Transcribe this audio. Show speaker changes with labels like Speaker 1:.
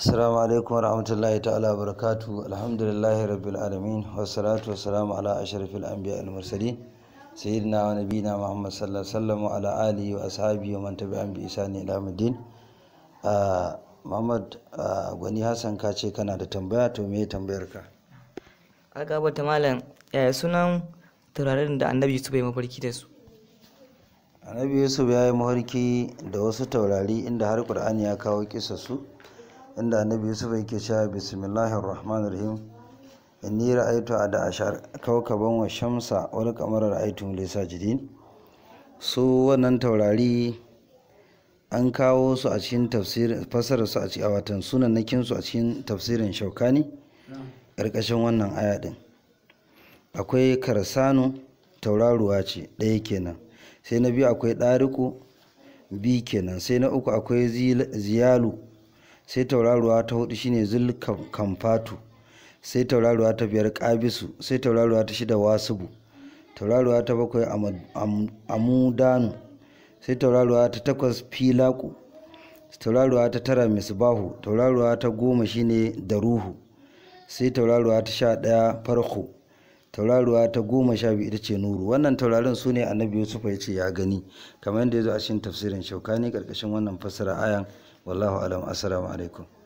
Speaker 1: Assalamu alaikum wa ta'ala barakatu alhamdulillahi rabbil alamin wassalatu wassalamu ala ashrafil anbiya al mursalin sayyidina wa nabiyina Muhammad sallallahu alaihi wasallam wa ala alihi wa ashabihi wa man tabi'ahum bi ihsani ila yawmiddin ah, Muhammad ah, Gwani Hassan ka ce kana da tambaya to me tambayar ka
Speaker 2: Algabata malam yaya sunan turaren da Annabi Yusuf ya mafarki da su
Speaker 1: Annabi Yusuf ya yi mafarki da wasu taurari inda har Qur'ani ya kawo kisa su inda annabi yusuf yake cewa bismillahir rahmanir rahim inni ra'aytu ada ashar kawkaban wa shamsa wal qamara ra'aytu li sajidin su wannan taurari an kawo su a cikin tafsirin fasara su a cikin watan nakin su a cikin tafsirin shaukani ƙarƙashin wannan aya din akwai karsanu tauraruwa ce ɗaya kenan sai na biyu akwai ɗariku bi kenan sai na uku akwai ziyalu sai tauraruwa ta hudu shine zulu-kamfatu. sai tauraruwa ta biyar kabisu sai tauraruwa ta shida wasubu tauraruwa ta bakwai amudanu sai tauraruwa ta takwas filaku tauraruwa ta tara misbahu tauraruwa ta goma shine daruhu sai tauraruwa ta sha ɗaya farko tauraruwa ta goma sha biyu ita ce nuru wannan taurarin su ne annabi yusuf ya ce ya gani kamar yadda ya zo a cikin tafsirin shaukani karkashin wannan fassara ayan wallahu alam assalamu alaikum